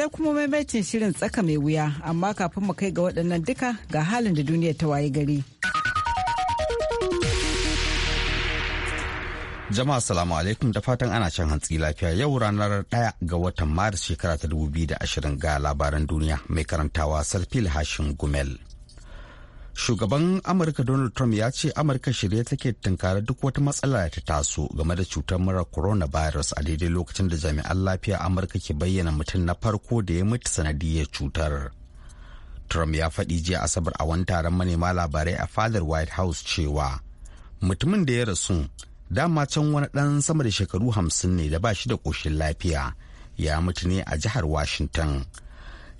sai kuma maimaitin shirin tsaka mai wuya amma kafin mu kai ga waɗannan duka ga halin da duniya ta waye gari. Jama'a salamu alaikum da fatan ana shan hantsi lafiya yau ranar ɗaya ga watan Maris shekara ta dubu biyu da ashirin ga labaran duniya mai karantawa Sarfil Hashin Gumel. shugaban amurka donald trump ya ce amurka shirye take tunkara duk wata matsala da ta taso game da cutar mura coronavirus a daidai lokacin da jami'an lafiya amurka ke bayyana mutum na farko da ya mutu sanadiyar cutar trump ya faɗi jiya asabar a wani taron manema labarai a fadar white house cewa mutumin da ya rasu dama can wani ɗan sama da shekaru hamsin ne da ba shi da ƙoshin lafiya ya mutu ne a jihar washington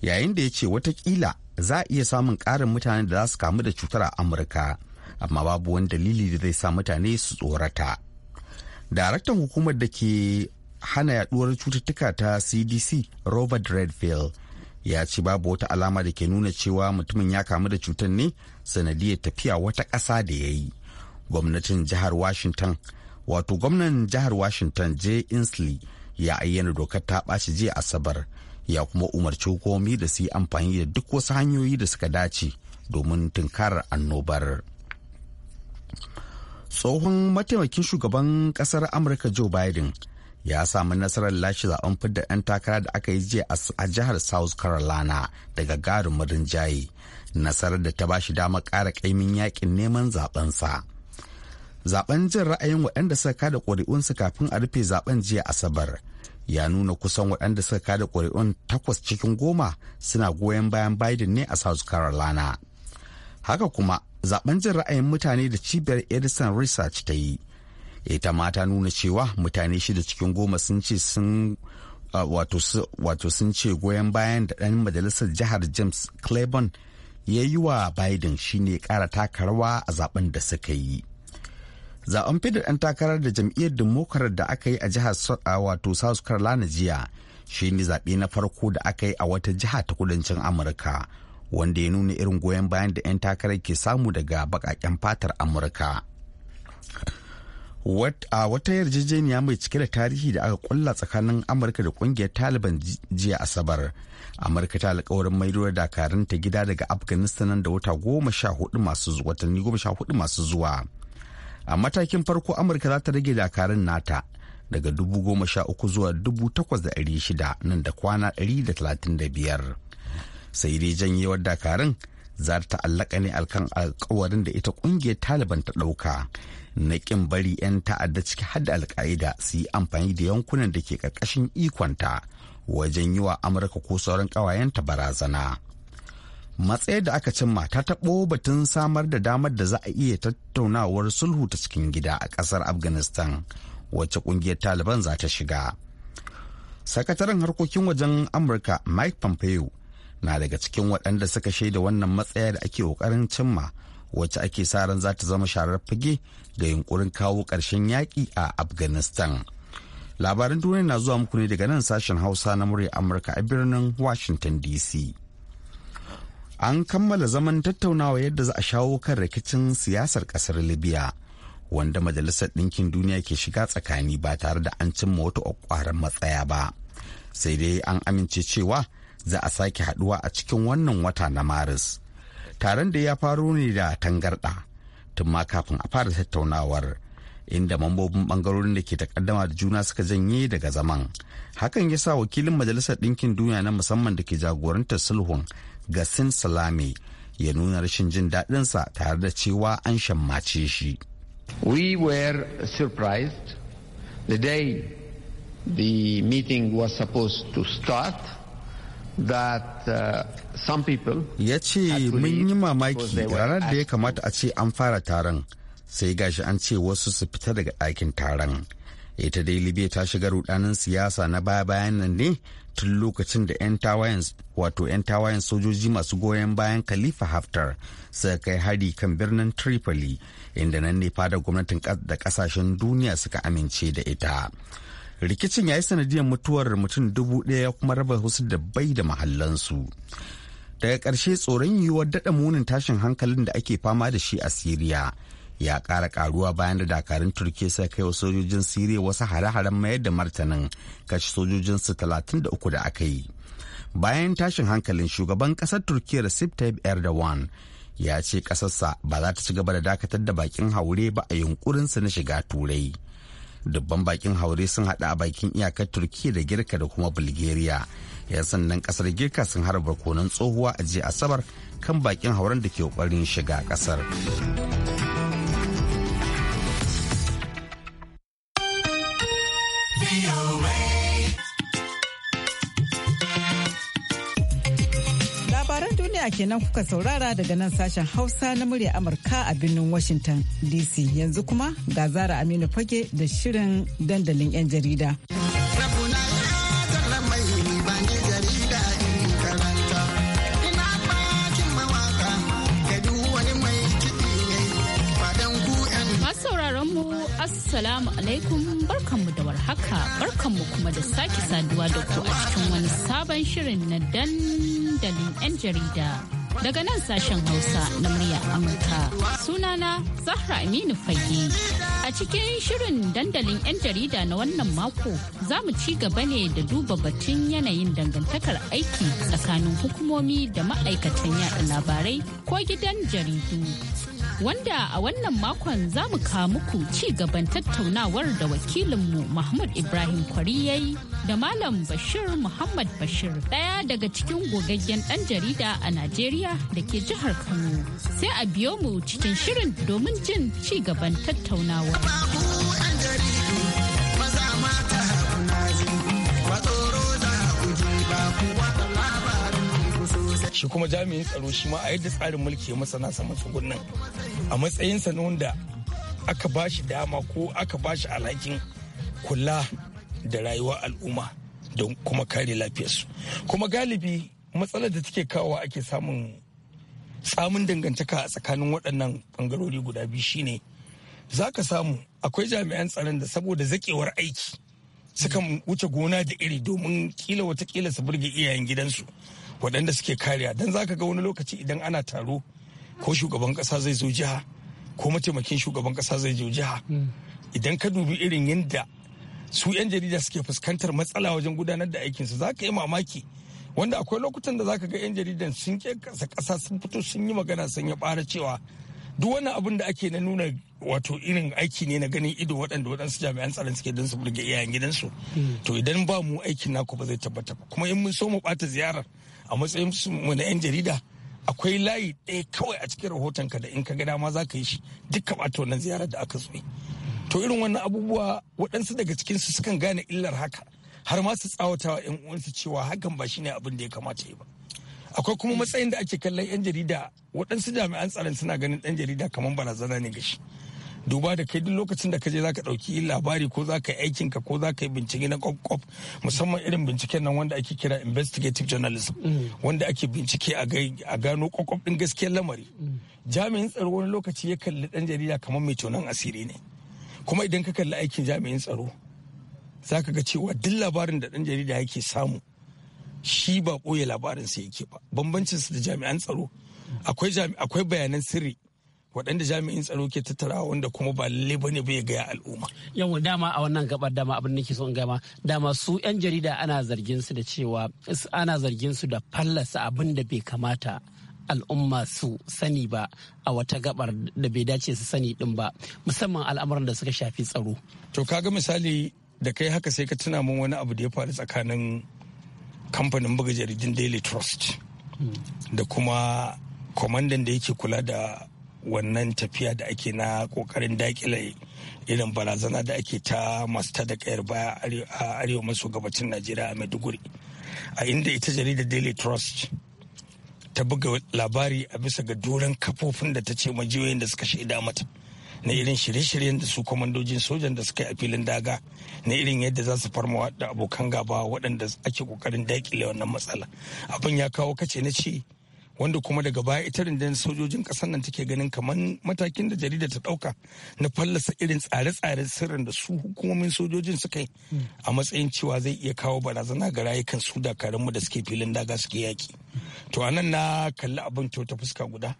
yayin da ya ce watakila za a iya samun ƙarin mutane da za su kamu da cutar a amurka amma babu wani dalili da zai sa mutane su tsorata daraktan hukumar da ke hana yaduwar cututtuka ta cdc robert redfield ya ce babu wata alama da ke nuna cewa mutumin ya kamu da cutar ne sanadiyar tafiya wata ƙasa da ya yi gwamnatin jihar washington wato gwamnan jihar washington j inslee ya ayyana dokar ta ɓaci jiya asabar ya kuma umarci hukumomi da su yi amfani da duk wasu hanyoyi da suka dace domin tunkarar annobar. tsohon mataimakin shugaban kasar amurka joe biden ya samu nasarar lashe zaben fidda 'yan takara da aka yi jiya a jihar south carolina daga garin rinjaye nasarar da ta ba shi dama ƙara kaimin yakin neman zabensa zaben jin ra'ayin waɗanda suka kada ƙuri'unsu kafin a rufe zaben jiya asabar ya nuna kusan waɗanda suka kada ƙuri'un takwas cikin goma suna goyon bayan biden ne a south carolina haka kuma zaben jin ra'ayin mutane da cibiyar edison research ta yi ita ma ta nuna cewa mutane shida cikin goma sun ce sun wato sun ce goyon bayan da ɗan majalisar jihar james claiborne ya yi wa biden shine ƙara taka rawa a zaben da suka yi zaɓen fidda ɗan takarar da jam'iyyar democrat da aka yi a jihar wato south carolina jiya shi ne zaɓe na farko da aka yi a wata jiha ta kudancin amurka wanda ya nuna irin goyon bayan da 'yan takarar ke samu daga baƙaƙen fatar amurka a wata yarjejeniya mai cike da tarihi da aka kulla tsakanin amurka da ƙungiyar taliban jiya asabar amurka ta alkawarin maido da dakarun ta gida daga afghanistan da wata goma sha hudu masu zuwa a matakin farko amurka za ta rage dakarun nata daga dubu goma sha uku zuwa dubu takwas da ɗari shida nan da kwana ɗari da talatin da biyar sai dai janyewar dakarun za ta ta'allaka ne alkan alkawarin da ita kungiyar taliban ta ɗauka na ƙin bari 'yan ta'adda ciki har da alka'ida su yi amfani da yankunan da ke ƙarƙashin ikonta wajen yi wa amurka ko sauran ƙawayenta barazana matsayar da aka cimma ta taɓo batun samar da damar da za a iya tattaunawar sulhu ta cikin gida a ƙasar afghanistan wacce ƙungiyar taliban za ta shiga sakataren harkokin wajen amurka mike pompeo na daga cikin waɗanda suka shaida wannan matsaya da ake ƙoƙarin cimma wacce ake sa ran za ta zama sharar fage ga yunkurin kawo ƙarshen yaƙi a afghanistan labaran duniya na zuwa muku ne daga nan sashen hausa na murya amurka a birnin washington dc an kammala zaman tattaunawa yadda za a shawo kan rikicin siyasar kasar libya wanda majalisar ɗinkin duniya ke shiga tsakani ba tare da an cimma wata ƙwaƙwaran matsaya ba sai dai an amince cewa za a sake haɗuwa a cikin wannan wata na maris taron da ya faro ne da tangarɗa tun ma kafin a fara tattaunawar inda mambobin bangarorin da ke takaddama da juna suka janye daga zaman hakan ya sa wakilin majalisar ɗinkin duniya na musamman da ke jagorantar sulhun ga sin salami ya nuna rashin jin daɗinsa tare da cewa an shammace shi. We were surprised the day the meeting was supposed to start uh, ya ce mun yi mamaki ranar da ya kamata a ce an fara taron sai gashi an ce wasu su fita daga ɗakin taron ita dai libya ta shiga rudanin siyasa na baya bayan nan ne tun lokacin da 'yan tawayen wato 'yan tawayen sojoji masu goyon bayan khalifa haftar suka kai hari kan birnin tripoli inda nan ne fada gwamnatin da kasashen duniya suka amince da ita rikicin ya yi sanadiyar mutuwar mutum dubu ɗaya ya kuma raba wasu da bai da mahallansu daga ƙarshe tsoron yiwuwar daɗa munin tashin hankalin da ake fama da shi a siriya ya ƙara ƙaruwa bayan da dakarun turkiya sai kai wa sojojin siriya wasu hare-haren mayar da martanin kashe su talatin da uku da aka yi bayan tashin hankalin shugaban ƙasar turkiya recep tayyip erdogan ya ce ƙasarsa ba za ta ci gaba da dakatar da bakin haure ba a su na shiga turai dubban bakin haure sun hada a bakin iyakar turkiyya da girka da kuma bulgaria yan sandan kasar girka sun harba konan tsohuwa a jiya asabar kan bakin hauren da ke kokarin shiga kasar. kenan kuka saurara daga nan sashen Hausa na murya Amurka a birnin Washington DC. Yanzu kuma ga Zara Aminu Fage da Shirin dandalin 'yan jarida. mu assalamu alaikum barkanmu da warhaka barkanmu kuma da sake saduwa da ku a cikin wani sabon shirin na dan dandalin 'yan jarida. Daga nan sashen Hausa na murya Amurka. Sunana Zahra Aminu Fage. A cikin shirin dandalin 'yan jarida na wannan mako za mu ci gaba ne da duba batun yanayin dangantakar aiki tsakanin hukumomi da ma'aikatan yada labarai ko gidan jaridu. wanda a wannan makon za mu ka muku ci gaban tattaunawar da wakilinmu Mahmud Ibrahim Kwari yayi da Malam Bashir Muhammad Bashir ɗaya daga cikin gogaggen ɗan jarida a Najeriya da ke jihar Kano. Sai a biyo mu cikin shirin domin jin ci gaban tattaunawar. shi kuma jami'in tsaro shi ma a yadda tsarin mulki ya masana saman tsugunan a matsayinsa na wanda aka ba shi dama ko aka ba shi alhakin kula da rayuwar al'umma don kuma kare lafiyarsu kuma galibi matsalar da take kawo ake samun samun dangantaka a tsakanin waɗannan bangarori guda biyu shine za ka samu akwai jami'an tsaron da saboda zakewar aiki sukan wuce gona da iri domin kila watakila su burge iyayen gidansu waɗanda suke kariya don za ka ga wani lokaci idan ana taro ko shugaban ƙasa zai zo jiha ko mataimakin shugaban ƙasa zai zo jiha idan ka dubi irin yadda su 'yan jarida suke fuskantar matsala wajen gudanar da aikinsu za ka yi mamaki wanda akwai lokutan da za ka ga 'yan jaridan sun ke kasa sun fito sun yi magana sun ya ɓara cewa duk wani abin da ake na nuna wato irin aiki ne na ganin ido waɗanda waɗansu jami'an tsaron suke don su burge iyayen gidansu to idan ba mu aikin naku ba zai tabbata ba kuma in mun so mu bata ziyarar a matsayin mu na 'yan jarida akwai layi ɗaya kawai a cikin rahoton ka da in ka ga dama za ka yi shi duk ɓata wannan ziyarar da aka zo to irin wannan abubuwa waɗansu daga cikin su sukan gane illar haka har ma su tsawatawa 'yan uwansu cewa hakan ba shine abin da ya kamata yi ba akwai kuma matsayin da ake kallon 'yan jarida waɗansu jami'an tsaron suna ganin ɗan jarida kamar barazana ne ga shi duba da kai duk lokacin da ka je za ka ɗauki labari ko za ka yi aikinka ko za ka yi bincike na kwakwaf musamman irin binciken nan wanda ake kira investigative journalism mm. wanda ake bincike a gano kwakwaf ɗin gaskiyar lamari mm. jami'in tsaro wani lokaci ya kalli ɗan jarida kamar mai tonon asiri ne kuma idan ka kalli aikin jami'in tsaro za ka ga cewa duk labarin da ɗan jarida yake samu shi ba ɓoye labarinsa yake ba su da jami'an tsaro akwai bayanan sirri waɗanda jami'in tsaro ke tattara wanda kuma ba lalle ba ne bai gaya al'umma. Yau dama a wannan gabar dama abin da ke son gama dama su 'yan jarida ana zargin su da cewa ana zargin su da fallasa abin da bai kamata al'umma su sani ba a wata gabar da bai dace su sani din ba musamman al'amuran da suka shafi tsaro. To kaga misali da kai haka sai ka tuna min wani abu da ya faru tsakanin kamfanin buga jaridin Daily Trust hmm. da kuma kwamandan da yake kula da wannan tafiya da ake na kokarin dakile irin barazana da ake ta masu tada kayar baya a arewa maso gabacin najeriya a maiduguri a inda ita jaridar daily trust ta buga labari a bisa ga doron kafofin da ta ce majiyoyin da suka shaida mata na irin shirye-shiryen da su kwamandojin sojan da suka yi a filin daga na irin yadda za su farma da abokan gaba waɗanda ake kokarin dakile wannan matsala abin ya kawo kace na ce wanda kuma daga baya ita rundunar sojojin kasar nan take ganin kamar matakin da jarida ta ɗauka na fallasa irin tsare-tsaren sirrin da su hukumomin sojojin suka yi hmm. a matsayin cewa zai iya kawo barazana ga rayukan su mu da suke filin daga suke yaki to anan na kalli abin ta fuska guda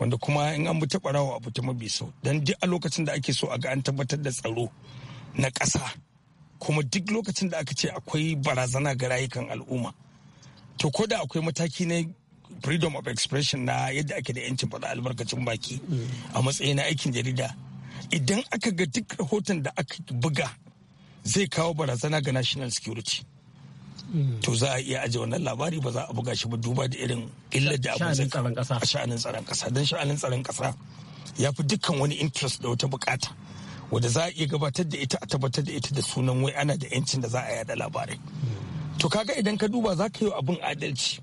wanda kuma in an bi ta barawa abu ta mabi sau Dan duk a lokacin da ake so a ga an tabbatar da tsaro na ƙasa kuma duk lokacin da aka ce akwai barazana ga rayukan al'umma to ko da akwai mataki na freedom of expression na yadda ake da yancin faɗa albarkacin baki a matsayin na aikin jarida idan aka ga duk rahoton da aka buga zai kawo barazana ga national security to za a iya aje wannan labari ba za a buga shi ba duba da irin illar da abu zai a sha'anin tsaron kasa don sha'anin tsaron kasa ya fi dukkan wani interest da wata bukata wadda za a iya gabatar da ita a tabbatar da ita da sunan wai ana da yancin da za a yada labarai to kaga idan ka duba za ka yi abin adalci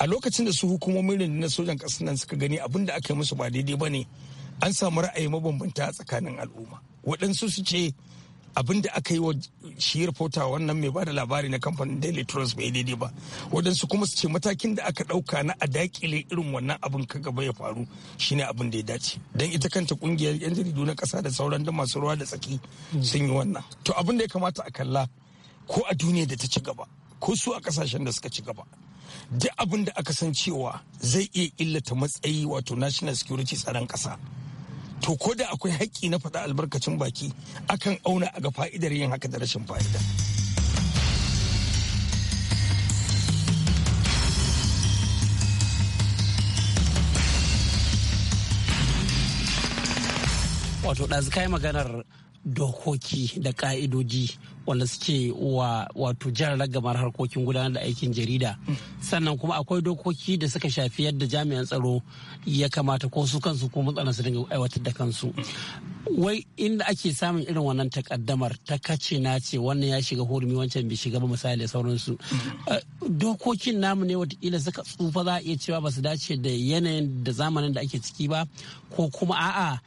a lokacin da su hukumomin rundunar sojan ƙasar nan suka gani abin da aka yi musu ba daidai ba ne an samu ra'ayi mabambanta a tsakanin al'umma waɗansu su ce abin da aka yi wa shi reporta wannan mai bada labari na kamfanin daily trust bai daidai ba waɗansu kuma su ce matakin da aka ɗauka na a dakile irin wannan abin ka gaba ya faru shine abin da ya dace don ita kanta ƙungiyar yan jaridu na ƙasa da sauran da masu ruwa da tsaki sun yi wannan to abin da ya kamata a kalla ko a duniya da ta ci gaba ko su a ƙasashen da suka ci gaba duk abin da aka san cewa zai iya illata matsayi wato national security tsaron ƙasa to ko da akwai haƙƙi na faɗa albarkacin baki akan auna a ga fa'idar yin haka da rashin fa'ida wato ɗazu kai maganar dokoki da ka'idoji wanda suke wa wato jan ragamar harkokin gudanar da aikin jarida sannan kuma akwai dokoki da suka shafi yadda jami'an tsaro ya kamata ko su kansu ko matsala su dinga aiwatar da kansu wai inda ake samun irin wannan takaddamar ta kace na ce wannan ya shiga hurumi wancan bai shiga ba misali da sauransu eh, dokokin namu ne watakila suka tsufa za a iya cewa ba su dace da yanayin da zamanin da ake ciki ba ko kuma a'a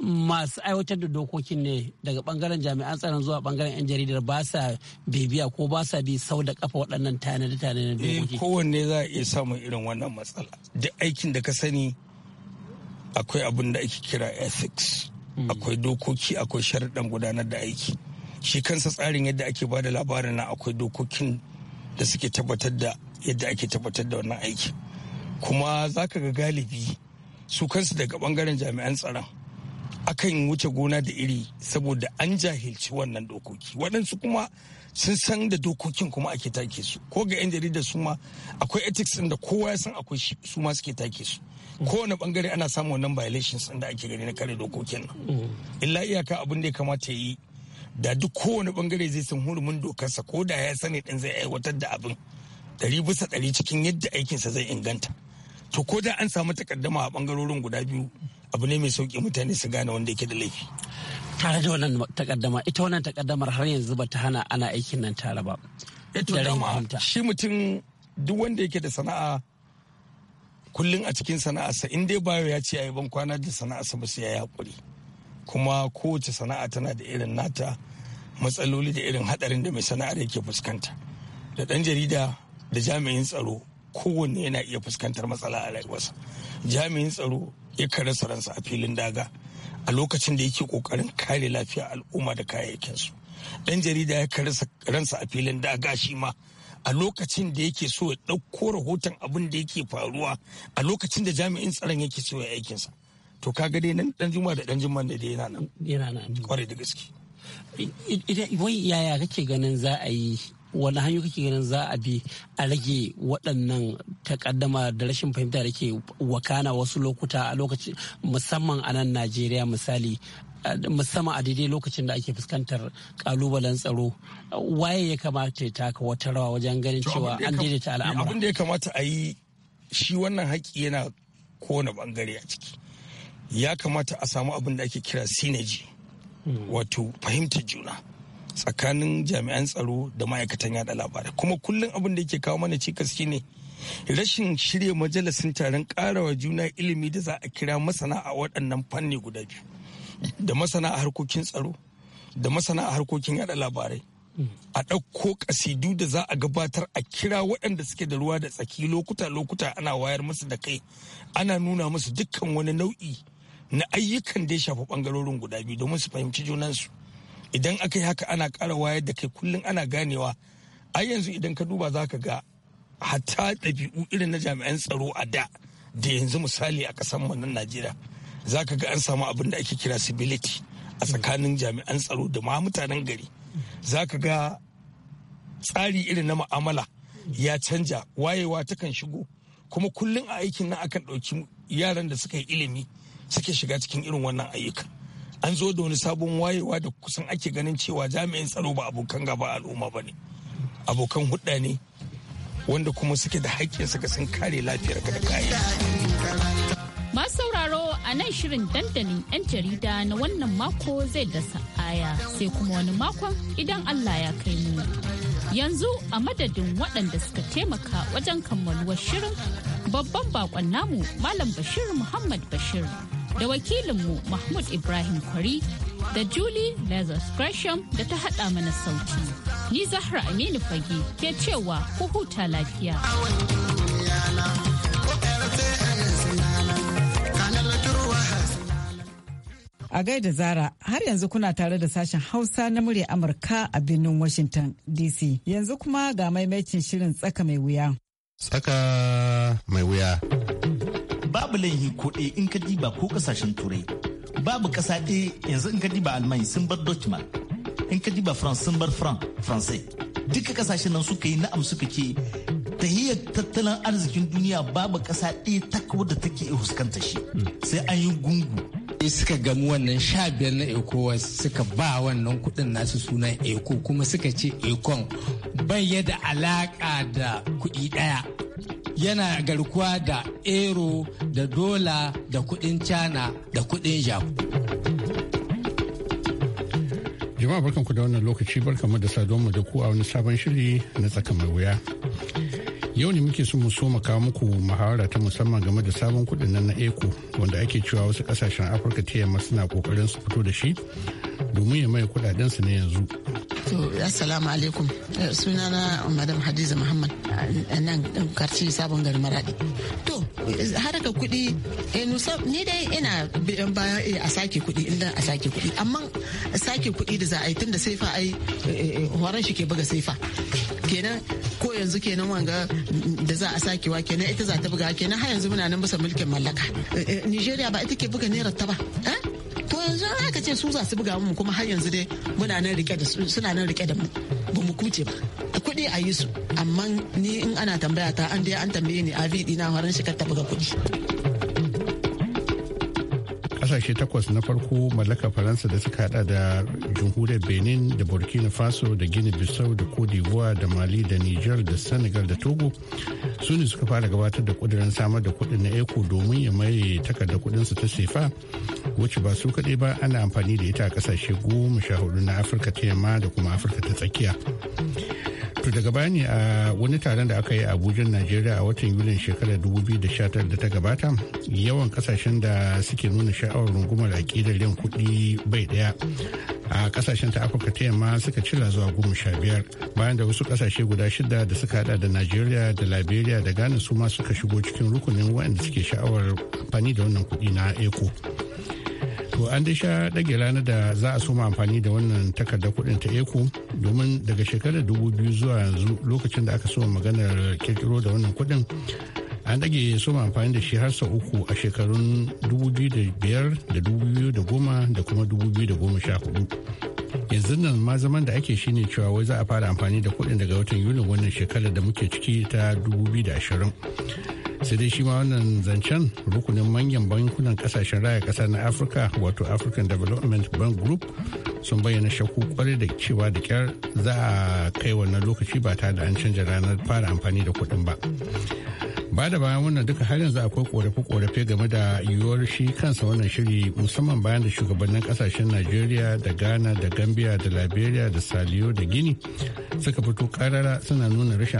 masu aiwatar da dokokin ne daga bangaren jami'an tsaron zuwa bangaren 'yan jaridar ba sa bibiya ko ba sa bi sau da kafa waɗannan tanade-tanade eh, dokoki. kowanne za a iya samun irin wannan matsala duk aikin da ka sani akwai abin da ake kira ethics hmm. akwai dokoki akwai sharaɗan gudanar da aiki shi kansa tsarin yadda ake ba da labarin na akwai dokokin da suke tabbatar da yadda ake tabbatar da wannan aiki kuma za ga galibi su kansu daga bangaren jami'an tsaron akan wuce gona da iri saboda an jahilci wannan dokoki waɗansu kuma sun san da dokokin kuma ake take su ko ga 'yan jarida su ma akwai ethics ɗin da kowa ya san akwai su ma suke take su kowane bangare ana samun wannan violations ɗin da ake gani na kare dokokin nan mm. illa iyaka abin da ya kamata yi da duk kowane bangare zai san hurumin dokarsa ko da ya sani din zai aiwatar da abin ɗari bisa ɗari cikin yadda aikinsa zai inganta to ko da an samu takaddama a bangarorin guda biyu abu ne mai sauƙi mutane su gane wanda yake da laifi tare da wannan takaddama ita wannan takaddamar har yanzu ba ta hana ana aikin nan tare ba eto eh dama shi mutum duk wanda yake da sana'a kullum a cikin sana'arsa in dai bayo ya ce ayi ban kwana da sana'arsa ba sai ya hakuri kuma kowace sana'a tana da irin nata matsaloli da irin hadarin da mai sana'ar yake fuskanta da dan jarida da jami'in tsaro kowanne yana iya fuskantar matsala a rayuwarsa jami'in tsaro ya kare ransa a filin daga a lokacin da yake kokarin kare lafiya al'umma da kayayyakinsu dan jarida ya kare ransa a filin daga shi ma a lokacin da yake so ya ɗauko rahoton abin da yake faruwa a lokacin da jami'in tsaron yake so ya aikinsa to ga dai nan dan juma da dan juma da yana nan yana nan kwarai da gaske wai yaya kake ganin za a yi wani hanyoyi kake ganin za a bi a rage waɗannan takaddama da rashin fahimta da ke wakana wasu lokuta a lokacin musamman a nan najeriya misali musamman a daidai lokacin da ake fuskantar kalubalen tsaro waye ya kamata ya taka wata rawa wajen ganin cewa an daidaita al'amura abin da ya kamata a yi shi wannan haƙƙi yana kowane bangare a ciki ya kamata a samu abin da ake kira sinaji hmm. wato fahimtar juna tsakanin jami'an tsaro da ma'aikatan yada labarai kuma kullum abin da yake kawo mana cikas shine rashin shirya majalisun taron karawa juna ilimi da za a kira masana a waɗannan fanni guda biyu da masana a harkokin tsaro da masana a harkokin yada labarai a ɗauko kasidu da za a gabatar a kira waɗanda suke da ruwa da tsaki lokuta-lokuta ana wayar musu da kai ana nuna musu dukkan wani nau'i na ayyukan da ya shafi ɓangarorin guda biyu domin su fahimci junansu idan aka yi haka ana ƙara wayar da kai kullum ana ganewa ai yanzu idan ka duba za ka ga hatta ɗabi'u irin na jami'an tsaro a da da yanzu misali a ƙasar mu nan najeriya za ka ga an samu abin da ake kira civility a tsakanin jami'an tsaro da ma mutanen gari za ka ga tsari irin na ma'amala ya canja wayewa takan shigo kuma kullum a aikin nan akan ɗauki yaran da suka yi ilimi suke shiga cikin irin wannan ayyukan an zo da wani sabon wayewa da kusan ake ganin cewa jami'in tsaro ba abokan gaba al'umma ba ne abokan hudda ne wanda kuma suke da haƙƙin suka sun kare lafiyar ka da kayan masu sauraro a nan shirin dandalin 'yan jarida na wannan mako zai dasa aya sai kuma wani makon idan allah ya kai mu yanzu a madadin waɗanda suka taimaka wajen kammaluwar shirin babban bakon namu malam bashir muhammad bashir da wakilinmu Mahmud Ibrahim Kwari da Julie Lazarus Gresham da ta haɗa mana sauti. Ni Zahra Aminu Fage ke cewa ku huta lafiya. A gaida Zara har yanzu kuna tare da sashen Hausa na murya Amurka a birnin Washington DC. Yanzu kuma ga maimacin shirin tsaka mai wuya. Tsaka mai wuya. babu laihi ko ɗaya in ka diba ko kasashen turai babu ƙasa ɗaya yanzu in ka diba alman sun bar dutchman in ka diba france sun bar france duka kasashen nan suka yi na'am suka ke tahiyar tattalin arzikin duniya babu ƙasa ɗaya takwa da take fuskantar shi sai an yi gungu suka gamu wannan sha biyar na ekowa suka ba wannan kudin nasu sunan eko kuma suka ce ekon bai da alaka da kudi daya yana garkuwa da ero da dola da kudin china da kudin japan jama'a barkanku da wannan lokaci barkanmu da mu da ku a wani sabon shiri na tsaka mai wuya yau ne muke son mu so kawo muku muhawara ta musamman game da sabon kudin nan na eco wanda ake cewa wasu kasashen afirka ta yamma suna kokarin su fito da shi domin ya maye kudadensu na yanzu To, assalamu alaikum. Eh, Suna na uh, Madam Hadiza Muhammad uh, nan uh, karci sabon garin Maradi. To, eh, harkar kuɗi, eh, ni dai ina biyan baya a sake kuɗi, inda a sake kuɗi. Amma sake kuɗi da za a yi tun da saifa ai horon shi ke buga saifa. Kenan ko yanzu kenan wanga mm, da za a sake wa kenan ita za ta buga kenan har yanzu muna nan bisa mulkin mallaka. Nigeria ba ita ke buga naira ta ba. yanzu aka ce su za su buga mu kuma har yanzu dai muna nan rike da suna nan rike da mu ba mu kuce ba kuɗi a yi su amma ni in ana tambaya ta an dai an tambaye ni avi dina waran shi ta buga kuɗi kasashe takwas na farko mallaka faransa da suka hada da jamhuriyar benin da burkina faso da guinea bissau da cote d'ivoire da mali da niger da senegal da togo su ne suka fara gabatar da kudirin samar da kudin na eco domin ya maye takardar kudinsu ta sefa wacce ba su kaɗai ba ana amfani da ita a ƙasashe goma sha hudu na afirka ta yamma da kuma afirka ta tsakiya to daga bayani a wani taron da aka yi a abuja najeriya a watan yulin shekarar 2019 da ta gabata yawan kasashen da suke nuna sha'awar rungumar aƙidar yan kuɗi bai ɗaya a kasashen ta afirka ta yamma suka cira zuwa goma sha biyar bayan da wasu kasashe guda shida da suka hada da najeriya da liberia da ghana su ma suka shigo cikin rukunin waɗanda suke sha'awar amfani da wannan kuɗi na eco to an dai sha ɗage ranar da za a soma amfani da wannan takardar kuɗin ta eku domin daga shekarar dubu biyu zuwa yanzu lokacin da aka soma maganar kirkiro da wannan kuɗin an ɗage soma amfani da shi har sau uku a shekarun dubu biyu da biyar da dubu biyu da da goma kuma dubu biyu da goma sha hudu yanzu nan ma zaman da ake shine cewa wai za a fara amfani da kuɗin daga watan yulin wannan shekarar da muke ciki ta dubu biyu da ashirin. sai dai shi ma wannan zancen rukunin manyan bankunan kasashen raya kasa na afirka wato african development bank group sun bayyana shakku kwarai da cewa da kyar za a kai wannan lokaci ba tare da an canza ranar fara amfani da kuɗin ba ba da bayan wannan duka har yanzu akwai korafe-korafe game da yiwuwar shi kansa wannan shiri musamman bayan da shugabannin kasashen najeriya da ghana da gambia da liberia da saliyo da gini suka fito karara suna nuna rashin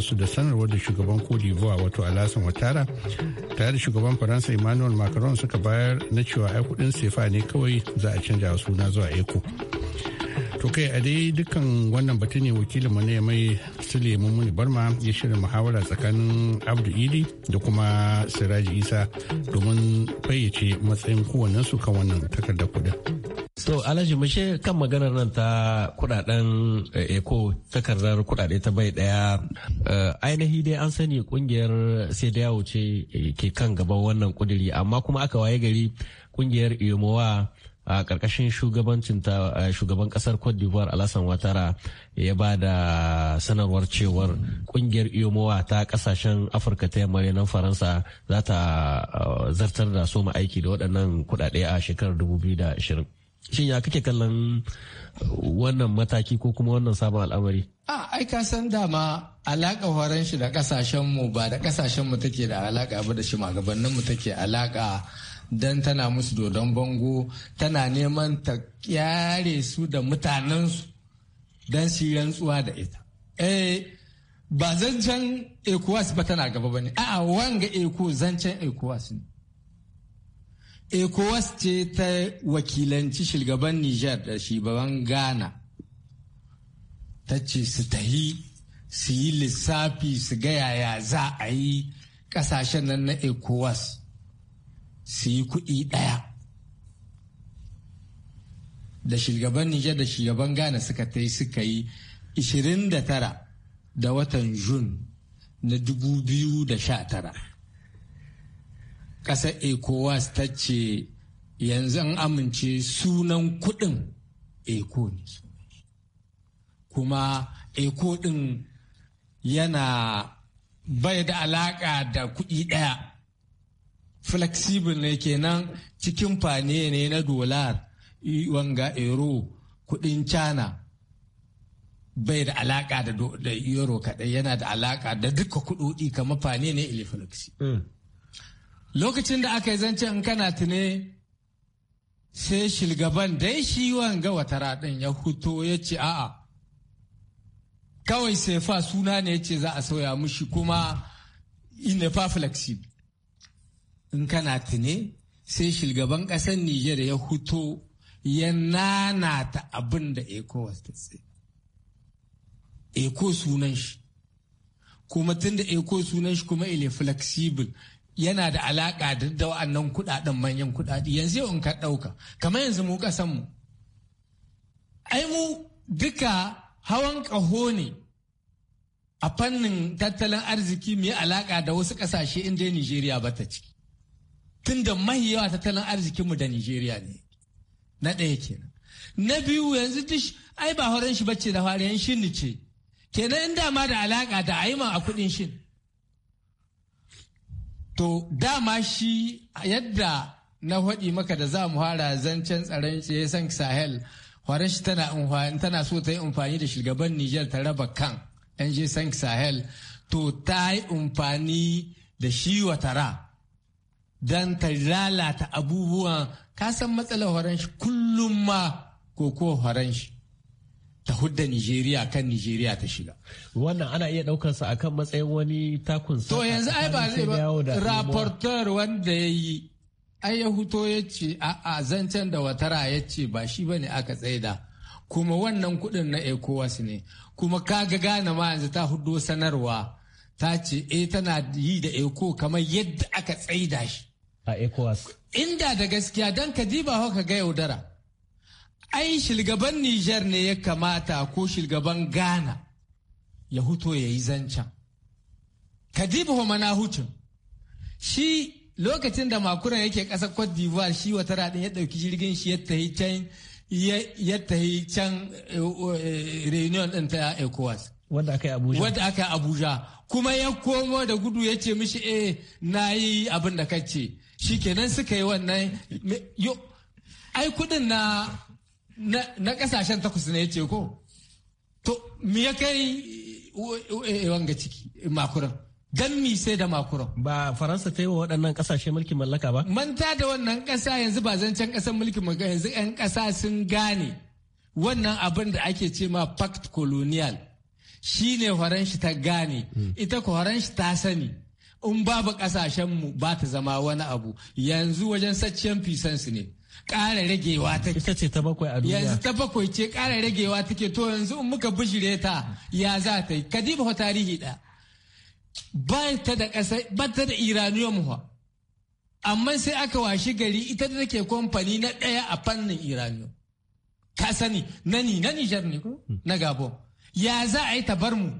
su da sanarwar da shugaban cote d'ivoire wato alasan watara tare da shugaban faransa emmanuel macron suka bayar na cewa ai kudin sefa ne kawai za a canja suna zuwa eco To kai a dai dukkan wannan batu ne wakilin wakilinmu ne mai Suleiman Muni Barma ya shirya muhawara tsakanin Abdu Idi da kuma Siraji Isa domin fayyace matsayin su kan wannan takardar kuɗi. To Alhaji mushe kan maganar nan ta kuɗaɗen eko eh, takardar kuɗaɗe ta bai daya eh, ainihi dai an sani kungiyar sai da yawo ce eh, ke kan gaban wannan kuduri amma kuma aka waye gari kungiyar iyomowa a ƙarƙashin shugabancin shugaban ƙasar cote d'ivoire alasan watara ya ba da sanarwar cewar ƙungiyar IOMOWA ta kasashen afirka ta yamma nan faransa za ta zartar da soma aiki da waɗannan kuɗaɗe a shekarar 2020 shin ya kake kallon wannan mataki ko kuma wannan sabon al'amari a ai ka san dama alaƙa horon shi da ƙasashenmu ba da ƙasashenmu take da alaƙa ba da shi mu take alaƙa don tana musu dodon bango tana neman ta kyare su da mutanensu don yi rantsuwa da ita eh ba zancen ecowas ba tana gaba ba ne a'a wanga eco zancen ecowas ne ecowas ce ta wakilanci shugaban niger da shugaban ghana ta ce su tahi su yi lissafi su ga yaya za a yi kasashen nan na ecowas su yi kuɗi ɗaya da shugaban Nijar da shugaban Ghana suka ta yi suka yi 29 da watan Jun na 2019 ƙasar ECOWAS ta ce yanzu an amince sunan kuɗin Eko ne kuma Eko ɗin yana bai da alaƙa da kuɗi ɗaya flexible ne kenan cikin fane ne na dolar wanga euro kudin china bai da alaka da euro kadai yana da alaka da duka kudodi kama fane ne iliflexi mm. lokacin da aka yi zance in kana tune sai shilgaban dai shi wanga wata din ya huto ya ce a'a kawai sai fa suna ne ya ce za a sauya mushi kuma ina fa flexible in kana tune sai shugaban ƙasar Nijar ya huto ya nanata abin da ECOWAS ta tsaye. Eko sunan shi, kuma tun da Eko sunan shi kuma ile flexible yana da alaƙa da wa'annan kuɗaɗen manyan kuɗaɗe yanzu yau in ka ɗauka, kamar yanzu mu ƙasanmu. Ai mu duka hawan ƙaho ne a fannin tattalin arziki mai alaƙa da wasu ƙasashe inda Nijeriya ba ta ciki. tunda mahi yawa tattalin arzikinmu da nigeria ne. Na ɗaya kenan. Na biyu yanzu duk ai ba horon shi bace da yanzu shin ni ce. Kenan in dama da alaƙa da aima a kuɗin shin. To dama shi yadda na haɗi maka da za mu fara zancen tsaron san Sahel horon shi tana so ta yi amfani da shugaban Nijar ta raba kan 'yan san Sahel to ta yi amfani da shi wa tara. don ta lalata abubuwan san matsalar horon shi kullum ma koko horon shi ta hudda Nijeriya kan Nijeriya ta shiga. Wannan ana iya ɗaukarsa a kan matsayin wani takun To yanzu ai ba zai ba raporteur wanda ya yi ai ya huto ya ce a zancen da watara ya ce ba shi ba ne aka tsaida kuma wannan kuɗin na ECOWAS ne kuma kaga gane ma yanzu ta hudo sanarwa ta ce e tana yi da eko kamar yadda aka tsaida shi a ECOWAS. Inda da gaskiya don ka diba ka ga yaudara. Ai shilgaban Nijar ne ya kamata ko shilgaban Ghana ya huto ya yi zancen. Ka diba mana hutun. Shi lokacin da makuran yake ƙasar Cote d'Ivoire shi wata raɗin ya ɗauki jirgin shi ya tahi can ya tahi can eh, eh, reunion ɗin ta ECOWAS. Wadda aka yi Abuja. Wadda aka yi Abuja. Kuma ya komo da gudu ya ce mishi eh na yi abin da ka ce. Shi kenan suka yi wannan ai kudin na na kasashen takwas ne ce ko to me ya kai e, e, wanga ciki makuran dan mi sai da makuran ba faransa ta yi wa waɗannan ƙasashe mulkin mallaka ba manta da wannan ƙasa yanzu ba zancen ƙasar mulkin mallaka yanzu 'yan ƙasa sun gane wannan abin da ake ce ma pact colonial shi ne shi ta gane hmm. ita ko shi ta sani in babu ƙasashenmu ba ta zama wani abu yanzu wajen saccen fisansu ne ƙara ragewa ta. ita ce ta bakwai a duniya yanzu ta bakwai ce ƙara ragewa take to yanzu in muka bijire ta ya za ta yi kadiba fa tarihi da ba ta da ƙasa ba ta da iranium fa amma sai aka washi gari ita da take kamfani na ɗaya a fannin iranium ka sani nani na Nijar ne ko na Gabon ya za a yi ta bar mu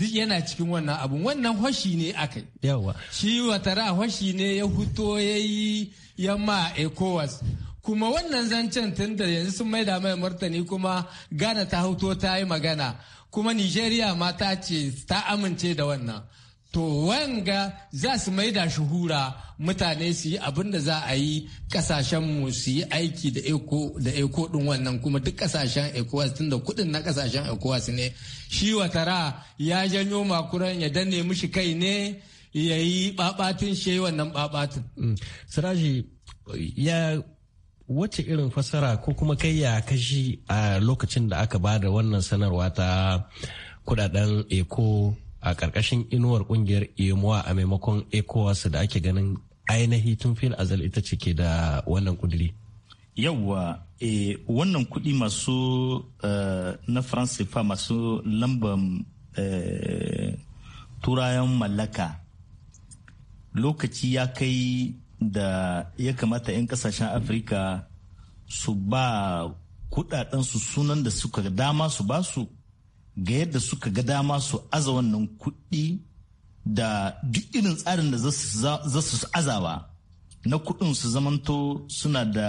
duk yana cikin wannan abun wannan hoshi ne aka yawa shi watara hoshi ne ya huto ya yi yamma ecowas kuma wannan zancen tun da yanzu sun maida mai martani kuma gana ta huto ta yi magana kuma nigeria ma ta ce ta amince da wannan to wanga za su maida shi hura mutane su yi abin da za a yi kasashen mu su yi aiki da eko da eko din wannan kuma duk kasashen ecowas tunda kudin na kasashen ecowas ne shi watara ya janyo makuran ya danne mishi kai ne ya yi babatin shi wannan babatin mm. siraji ya irin fasara ko kuma kai ya kashi a lokacin da aka ba da wannan sanarwa ta kudaden eko a ƙarƙashin inuwar ƙungiyar emuwa a maimakon ecowas da ake ganin ainihi tun fil azal ita ce ke da wannan kudiri yauwa e, wannan kudi masu eh, na france fa masu lambar uh, turayen mallaka lokaci ya kai da ya kamata 'yan kasashen afirka su ba kudadensu sunan da suka dama su ba su ga yadda suka ga dama su aza wannan kuɗi da duk irin tsarin da za su azawa na kuɗin su zamanto suna da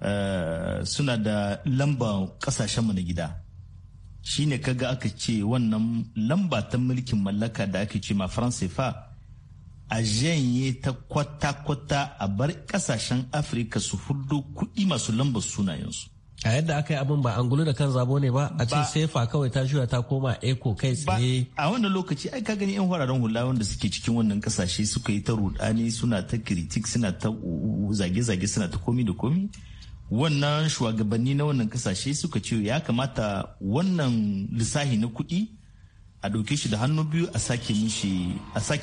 eh, suna da lamba ƙasashenmu na gida shi ne kaga aka ce wannan lamba ta mulkin mallaka da aka ce ma faransa fa a janye ta kwata-kwata a bar ƙasashen afirka su hudu kuɗi masu lambar sunayensu a yadda aka yi abin ba an gulu da kan zabo ne ba a ce sefa kawai ta juya ta koma eko kai tsaye a wannan lokaci ai ka gani yan wararen hula wanda suke cikin wannan kasashe suka yi ta rudani suna ta kritik suna ta zage-zage suna ta komi da komi wannan shugabanni na wannan kasashe suka ce ya kamata wannan lissahi na kuɗi a ɗauke shi da hannu biyu a sake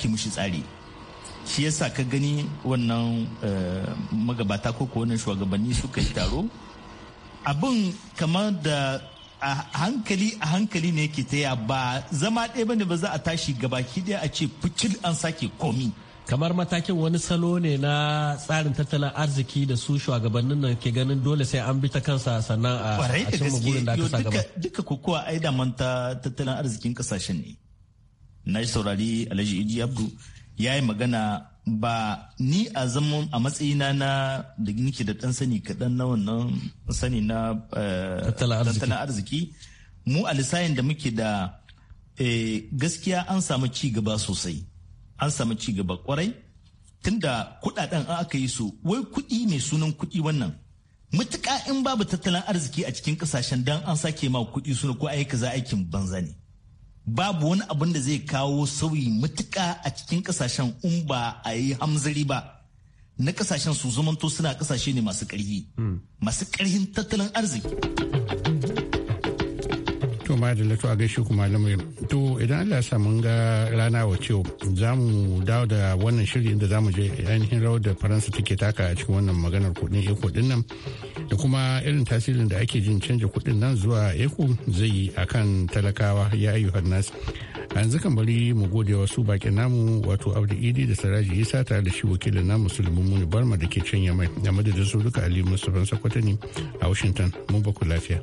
mishi tsari shi yasa ka gani wannan eh, magabata ko wannan shugabanni suka yi taro abin kamar da a hankali a hankali ne ke taya ba zama ɗaya bane ba za a tashi gabaki ɗaya a ce fucil an sake komi kamar matakin wani salo ne na tsarin tattalin arziki da su shugabannin nan ke ganin dole sai an bi ta kansa sannan a cikin da aka sa gaba duka kokowa ai da manta tattalin arzikin kasashen ne na saurari alhaji idi abdu ya yi magana ba ni a zama a matsayina na da nike da ɗan sani kaɗan na wannan sani na eh, tattalin arziki mu a lissayin da muke da eh, gaskiya an samu ci gaba sosai an samu ci gaba kwarai tunda kuɗaɗen an aka yi su wai kuɗi mai sunan kuɗi wannan mutuka in babu tattalin arziki a cikin kasashen dan an sake ma kuɗi suna ko aika kaza aikin banza ne babu wani abin da zai kawo sauyi matuƙa a cikin kasashen in ba a yi hamzari ba na kasashen su zumanto suna kasashe ne masu ƙarfi hmm. masu ƙarfin tattalin arziki to ma da lato a gaishe ku malamai to idan Allah sa mun ga rana wace za mu dawo da wannan shirin da za mu je ainihin rawar da faransa take taka a cikin wannan maganar kudin eko din nan da kuma irin tasirin da ake jin canja kudin nan zuwa eko zai yi akan talakawa ya ayu hannas yanzu kan bari mu gode wasu bakin namu wato abdu idi da saraji isa tare da shi wakilin namu sulmin muni barma da ke can yamai a madadin su duka ali mustapha sakwata ne a washington mun baku lafiya.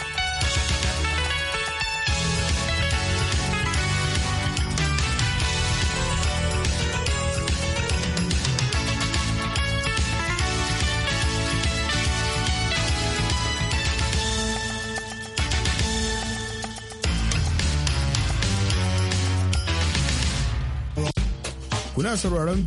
Kuna sauraron